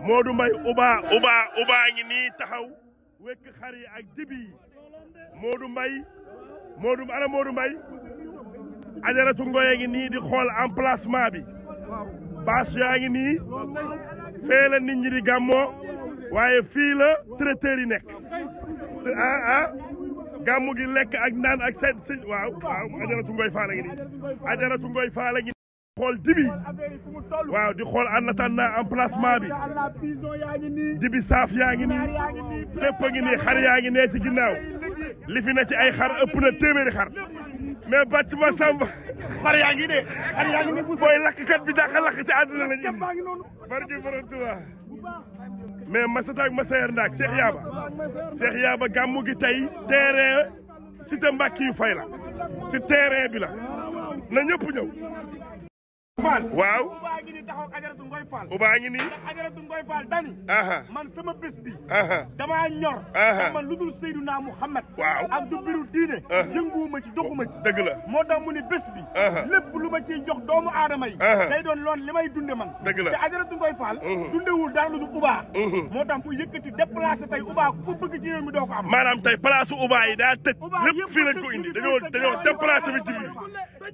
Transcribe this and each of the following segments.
Modou Mbaye Uba Uba Uba ngi nii taxaw wekk xar yi ak dibi yi Modou Mbaye Modou ana Modou Mbaye ajaratu ngoye ngi nii di xool emplacement bi bâche yaa ngi nii fee la nit ñi di gàmmoo waaye fii la traiteur yi nekk ah, ah. gi lekk ak naan ak seen si waaw waaw ajaratu ngoy faala ngi nii ajaratu ngoy faala ngi xool dibi waaw di xool anatan na emplacement bi dibi saaf yaa ngi nii lépp a ngi nii xar yaa ngi nee ci ginnaaw li fi na ci ay xar ëpp na téeméeri xar mais bàcc ma sàmba xar yaa ngi ne booy lakkat bi dàq lakk ci àdduna la ñu barki borom Tuuba mais Masata ak Masayer Ndaak Cheikh Yaba Cheikh gi tey terrain cité Mbàkke fay la ci terrain bi la na ñëpp ñëw Fall waaw Oubaa ngi ni taxaw ajaratu Ngoy Fall Oubaa ngi ni ajaratu Ngoy Fall dani man sama bés bi damaa ñor man lu dul Seydunaa Muhammad waaw ak du biru diine yënguwuma ci doxuma ci dëgg la moo tax mu ni bés bi lépp lu ma ciy jox doomu aadama yi day doon loon li may dunde man dëgg la te ajaratu Ngoy Fall dundewul dara lu dul Oubaa moo tax bu yëkkati déplacé tey Oubaa ku bëgg ci réew mi doo ko am maanaam tey place Oubaa yi daa tëj lépp fii lañ ko indi dañoo dañoo déplacé bi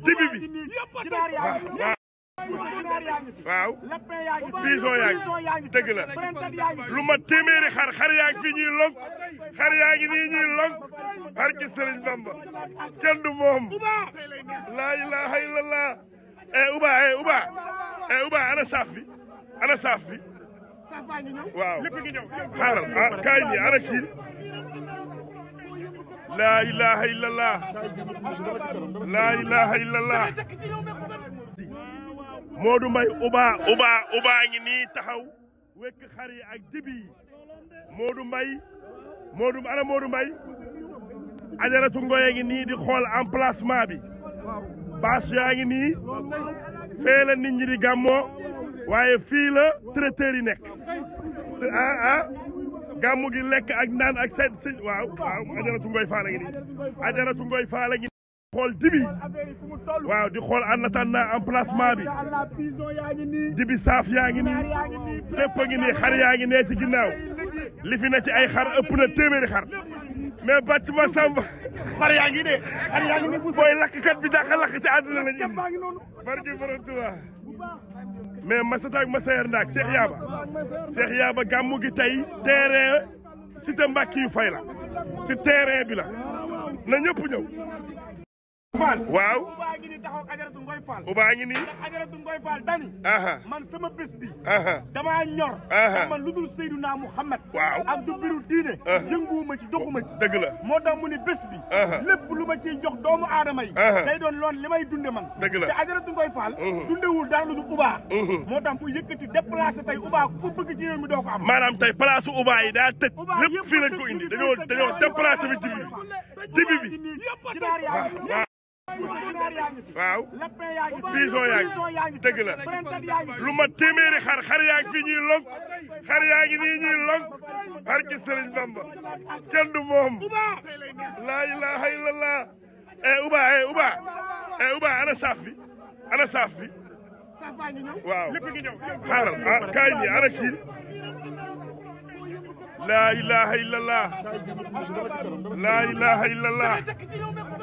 jibi bi bi waaw piso yaa ngi dëgg la lu ma téeméeri xar xar yaa ngi fi ñuy lonk xar yaa ngi nii ñuy lonk barke Sëriñ Bamba kenn du moom laa ilaha illallah eh Uba eh Uba eh Uba ana saaf bi ana saaf waaw xaaral ah, ana kii laa ilaha illallah laa ilaha illallah Modou Mbaye Uba Uba Uba ngi ni taxaw wekk xar yi ak dibi yi Modou Mbaye Modou ana Modou Mbaye ajaratu ngoye ngi nii di xool emplacement bi bâche yaa ngi nii fee la nit ñi di gàmmoo waaye fii la traiteur yi nekk ah ah gàmmu gi lekk ak naan ak seen si waaw waaw ajaratu ngoy faala ngi nii ajaratu ngoy faala ngi xool dibi waaw di xool anatan na emplacement bi dibi saaf yaa ngi nii lépp a nii xar yaa ngi nee ci ginnaaw li fi na ci ay xar ëpp na téeméeri xar mais bàcc ma sàmba xar yaa ngi de booy lakkat bi dàq lakk ci àdduna la ñu barki borom Tuuba mais Masata ak Masayer Ndaak ba Yaba Cheikh Yaba gàmmu gi tey terrain cité Mbàkke fay la ci terrain bi la na ñëpp ñëw Fall waaw Oubaa ngi ni taxaw ajaratu Ngoy Fall Oubaa ngi ni ajaratu Ngoy Fall dani man sama bés bi damaa ñor man lu dul Seydunaa Muhammad waaw ak du biru diine yënguwuma ci doxuma ci dëgg la moo tax mu ni bés bi lépp lu ma ciy jox doomu aadama yi day doon loon li may dunde man dëgg la te ajaratu Ngoy Fall dundewul dara lu dul Oubaa moo tax bu yëkkati déplacé tey Oubaa ku bëgg ci réew mi doo ko am maanaam tey place Oubaa yi daa tëj lépp fii lañ ko indi dañoo dañoo déplacé bi bi waaw piso yaa ngi dëgg la lu ma téeméeri xar xar yaa ngi fi ñuy log xar yaa ngi nii ñuy log barke Sëriñ Bamba kenn du moom laa ilaha illallah eh Uba eh Uba eh Uba ana saaf bi ana saaf waaw xaaral ah, ana kii laa ilaha illallah laa ilaha illallah